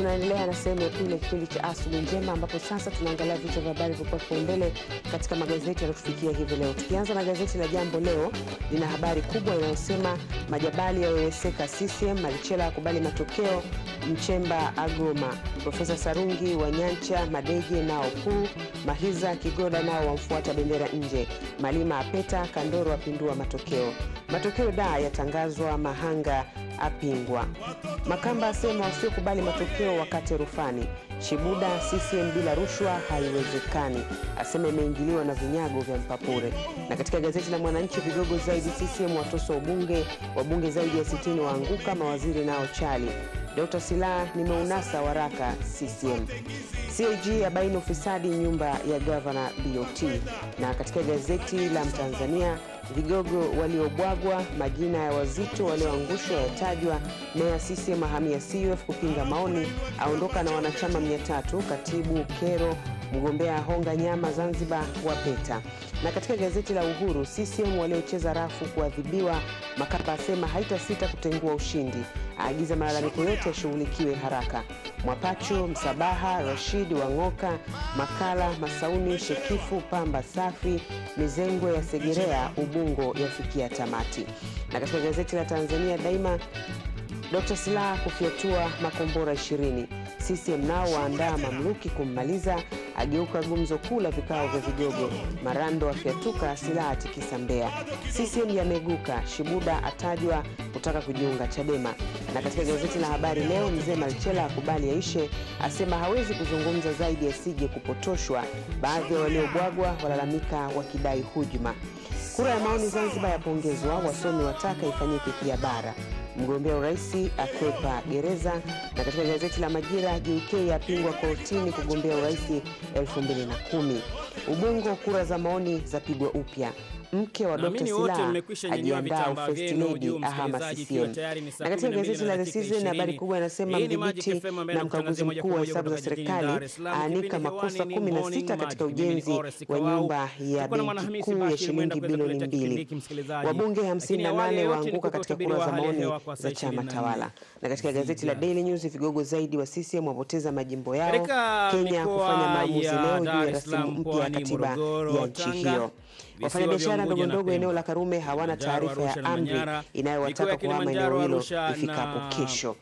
Tunaendelea na sehemu ya pili ya kipindi cha Asubuhi Njema, ambapo sasa tunaangalia vichwa vya habari vyokuwa kipaumbele katika magazeti yanayotufikia hivi leo, tukianza na gazeti la Jambo Leo lina habari kubwa inayosema majabali yaoeseka CCM, Marichela yakubali matokeo, Mchemba agoma, Profesa Sarungi, Wanyancha, Madeje nao kuu, Mahiza, Kigoda nao wamfuata bendera nje, Malima apeta, Kandoro apindua matokeo. Matokeo da yatangazwa Mahanga apingwa. Makamba asema wasiokubali matokeo wakati rufani. Shibuda, CCM bila rushwa haiwezekani, asema imeingiliwa na vinyago vya Mpapure. Na katika gazeti la Mwananchi, vigogo zaidi CCM watosa ubunge, wabunge zaidi ya 60 waanguka, mawaziri nao chali. Dr. Silaa nimeunasa waraka CCM. CAG abaini ufisadi nyumba ya gavana BOT. Na katika gazeti la Mtanzania vigogo waliobwagwa, majina ya wazito walioangushwa yatajwa. Meya CCM ahamia CUF kupinga maoni, aondoka na wanachama tatu Katibu kero mgombea honga nyama Zanzibar wapeta. Na katika gazeti la Uhuru, CCM waliocheza rafu kuadhibiwa, Makapa asema haitasita kutengua ushindi aagiza malalamiko yote yashughulikiwe haraka. Mwapacho, Msabaha, Rashid, Wang'oka, Makala, Masauni, Shekifu, Pamba Safi, Mizengwe ya Segerea, Ubungo yafikia tamati. Na katika gazeti la Tanzania Daima, Dr. silaha kufyatua makombora 20. CCM nao waandaa mamluki kummaliza, ageuka gumzo kuu la vikao vya vigogo. Marando afyatuka, silaha tikisa Mbeya. CCM yameguka, Shibuda atajwa kutaka kujiunga Chadema. Na katika gazeti la Habari Leo, mzee Malchela akubali yaishe, asema hawezi kuzungumza zaidi asije kupotoshwa. Baadhi ya waliobwagwa walalamika wakidai hujuma. Kura ya maoni Zanzibar yapongezwa, wasomi wataka ifanyike pia bara. Mgombea urais akwepa gereza. Na katika gazeti la Majira, JK yapingwa kortini kugombea urais 2010. Ubungo, kura za maoni zapigwa upya mke wa Dr. Slaa ajiandaa lady ahama CCM. Na katika gazeti la The Citizen habari kubwa anasema mdhibiti na mkaguzi mkuu wa hesabu za serikali aanika makosa 16 katika ujenzi wa nyumba ya benki kuu ya shilingi bilioni mbili. Wabunge 58 waanguka katika kura za maoni za chama tawala. Na katika gazeti la Daily News vigogo zaidi wa CCM wapoteza majimbo yao, Kenya kufanya maamuzi leo juu ya rasimu mpya ya katiba ya nchi hiyo. Wafanyabiashara ndogo ndogo eneo la Karume hawana taarifa ya amri inayowataka kuhama eneo hilo ifikapo kesho.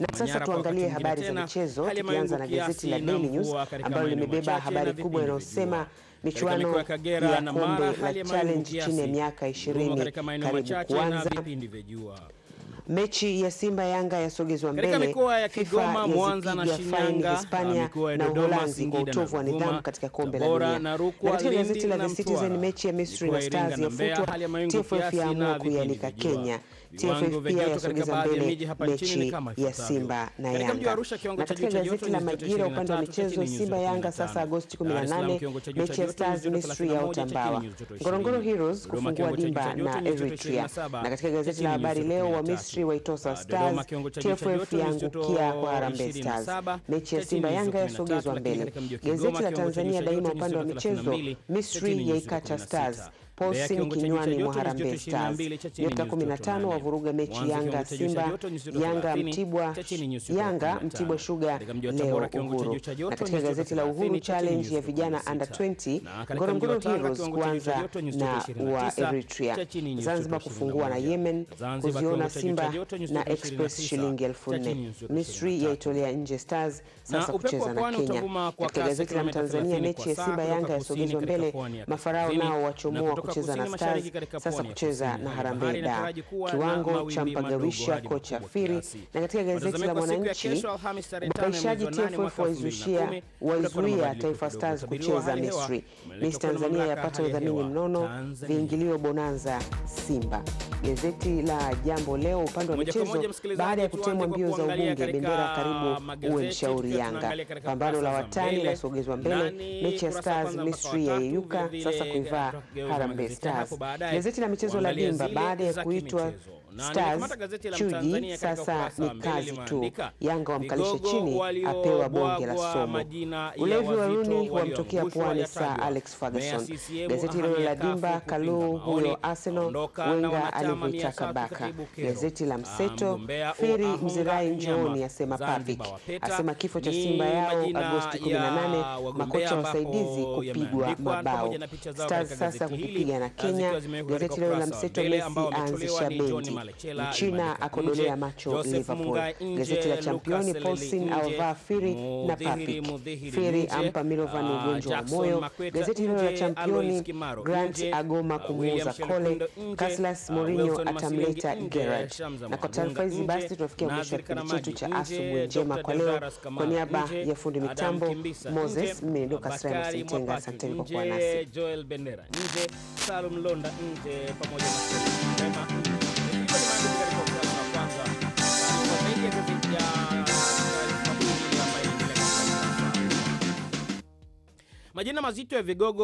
Na sasa tuangalie habari za michezo tukianza na gazeti la Daily News ambalo limebeba habari kubwa inayosema michuano ya kombe la Challenge chini ya miaka 20 karibu kuanza. Mechi ya Simba Yanga yasogezwa mbele. Katika mikoa ya Kigoma, Mwanza na Shinyanga, Hispania uh, na Uholanzi kwa utovu wa nidhamu katika kombe la dunia. Na katika gazeti la The Citizen, mechi ya Misri na Stars yafutwa, TFF yaamua kuialika Kenya viwango ya joto Mbele mechi ya simba na Yanga. Na Katika gazeti la ah, Majira upande wa michezo Simba Yanga sasa Agosti 18 mechi ya Stars Misri ya Utambawa. Ngorongoro Heroes kufungua dimba na Eritrea. Na katika gazeti la habari leo wa Misri waitosa Stars TFF yaangukia kwa Harambee Stars. Mechi ya Simba Yanga yasogezwa mbele. Gazeti la Tanzania Daima upande wa michezo Misri yaikacha Stars Paulsen kinywani mwa Harambee Stars. Nyota 15 wavuruga mechi Yanga Simba, Yanga Mtibwa, Yanga Mtibwa Sugar leo Uhuru. Na katika gazeti la Uhuru, challenge ya vijana under 20 Ngorongoro Heroes kuanza na wa Eritrea, Zanzibar kufungua na Yemen kuziona Simba na Express shilingi elfu nne. Misri yaitolea nje Stars sasa kucheza na Kenya. Katika gazeti la Mtanzania, mechi ya Simba Yanga yasogezwa mbele, mafarao nao wachomoa kucheza na Stars, sasa kucheza na Harambee Da. Kiwango cha mpagawisha kocha Firi. Na katika gazeti la Mwananchi, mkaishaji TFF waizuia Taifa Stars kucheza Misri. Miss Tanzania yapata udhamini mnono, viingilio bonanza Simba. Gazeti la Jambo Leo upande wa michezo, baada ya kutemwa mbio za ubunge, bendera karibu uwe mshauri Yanga. Pambano la watani lasogezwa mbele, mechi ya Stars Misri yaiyuka sasa kuivaa Harambee Stars. Gazeti la michezo la Dimba baada ya kuitwa Stars Chuji sasa ni kazi tu, Yanga wamkalishe chini, apewa bonge la somo. Ulevi wa runi wamtokea pwani sa Alex Ferguson. Gazeti hilo la Dimba Kalu huyo Arsenal Wenga alivyoitaka Baka. Gazeti la ah, Mseto Firi Mzirai njooni asema Papik asema kifo cha Simba yao Agosti 18 makocha wasaidizi kupigwa mabao. Stars sasa kukipiga na Kenya. Gazeti hilo la Mseto Messi aanzisha bendi Mchina akodolea macho Liverpool. Gazeti la Championi, Poulsen avaa Firi na Papik, Firi ampa Milovan ah, ugonjwa wa moyo. Gazeti hilo la Championi, Grant agoma uh, kumuuza Kole, Kaslas uh, Mourinho atamleta Gerard. Na kwa taarifa hizi basi tunafikia mwisho wa kipindi chetu cha asubuhi njema kwa leo. Kwa niaba ya fundi mitambo Moses, mimi Raymond Mtenga, asanteni kwa kuwa nasi. Joel Bendera nje, Salum Londa nje pamoja na Majina mazito ya vigogo